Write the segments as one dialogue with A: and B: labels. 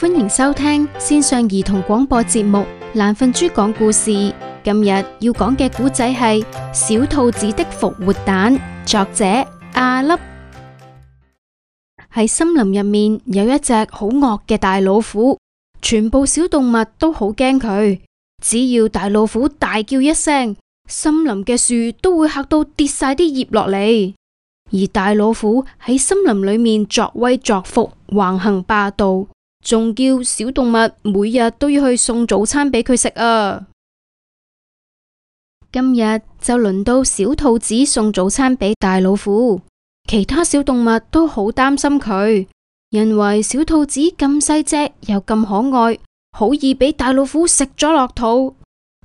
A: 歡迎收聽線上兒童廣播節目《懶瞓豬講故事》。今日要講嘅古仔係《小兔子的復活蛋》，作者阿粒。喺森林入面有一隻好惡嘅大老虎，全部小動物都好驚佢。只要大老虎大叫一聲，森林嘅樹都會吓到跌晒啲葉落嚟。而大老虎喺森林裏面作威作福，橫行霸道。仲叫小動物每日都要去送早餐俾佢食啊！今日就輪到小兔子送早餐俾大老虎，其他小動物都好擔心佢，因為小兔子咁細隻又咁可愛，好易俾大老虎食咗落肚。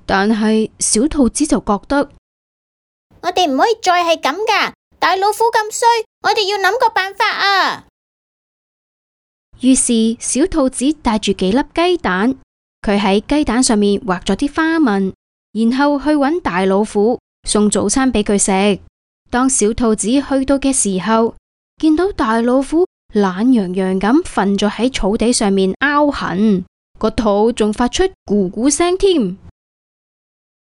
A: 但係小兔子就覺得我哋唔可以再係咁噶，大老虎咁衰，我哋要諗個辦法啊！於是小兔子帶住幾粒雞蛋，佢喺雞蛋上面畫咗啲花紋，然後去揾大老虎送早餐俾佢食。當小兔子去到嘅時候，見到大老虎懶洋洋咁瞓咗喺草地上面，拗痕個肚仲發出咕咕聲添。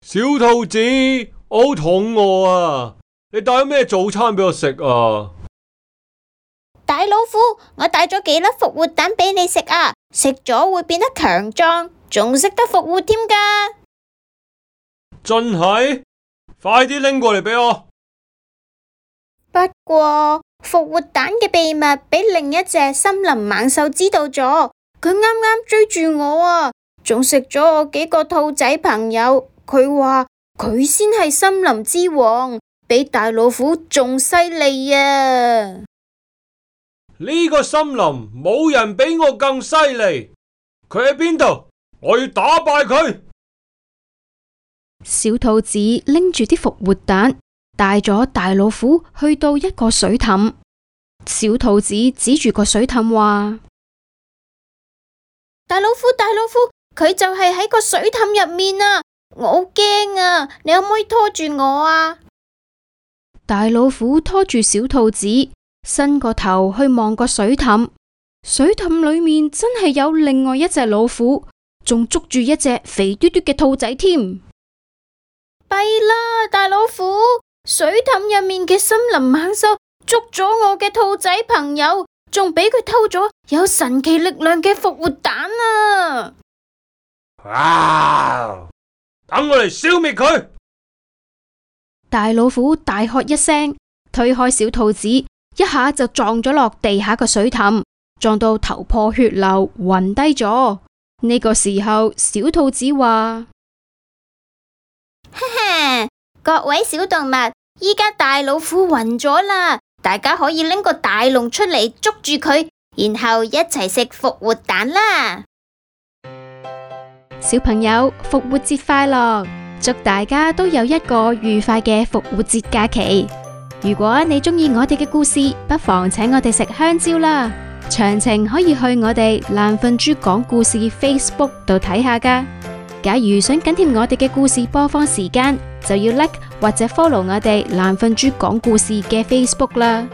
B: 小兔子，我好肚餓啊！你帶咗咩早餐俾我食啊？
A: 我帶咗幾粒復活蛋俾你食啊！食咗會變得強壯，仲識得復活添噶。
B: 真係？快啲拎過嚟俾我。
A: 不過復活蛋嘅秘密俾另一隻森林猛獸知道咗，佢啱啱追住我啊！仲食咗我幾個兔仔朋友。佢話佢先係森林之王，比大老虎仲犀利啊！
B: 呢個森林冇人比我更犀利，佢喺邊度？我要打敗佢。
A: 小兔子拎住啲復活蛋，帶咗大老虎去到一個水凼。小兔子指住個水凼話：大老虎，大老虎，佢就係喺個水凼入面啊！我好驚啊！你可唔可以拖住我啊？大老虎拖住小兔子。伸個頭去望個水凼，水凼裏面真係有另外一隻老虎，仲捉住一隻肥嘟嘟嘅兔仔添。弊啦，大老虎！水凼入面嘅森林猛獸捉咗我嘅兔仔朋友，仲俾佢偷咗有神奇力量嘅復活蛋啊！
B: 哇！等我嚟消滅佢！
A: 大老虎大喝一聲，推開小兔子。一下就撞咗落地下個水凼，撞到頭破血流暈，暈低咗。呢個時候，小兔子話：嘿嘿，各位小動物，依家大老虎暈咗啦，大家可以拎個大籠出嚟捉住佢，然後一齊食復活蛋啦。小朋友，復活節快樂！祝大家都有一個愉快嘅復活節假期。如果你中意我哋嘅故事，不妨請我哋食香蕉啦。詳情可以去我哋爛瞓豬講故事 Facebook 度睇下㗎。假如想緊貼我哋嘅故事播放時間，就要 like 或者 follow 我哋爛瞓豬講故事嘅 Facebook 啦。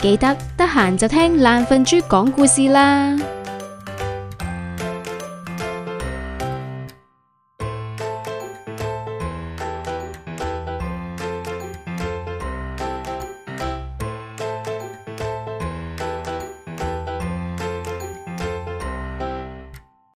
A: 記得得閒就聽爛瞓豬講故事啦。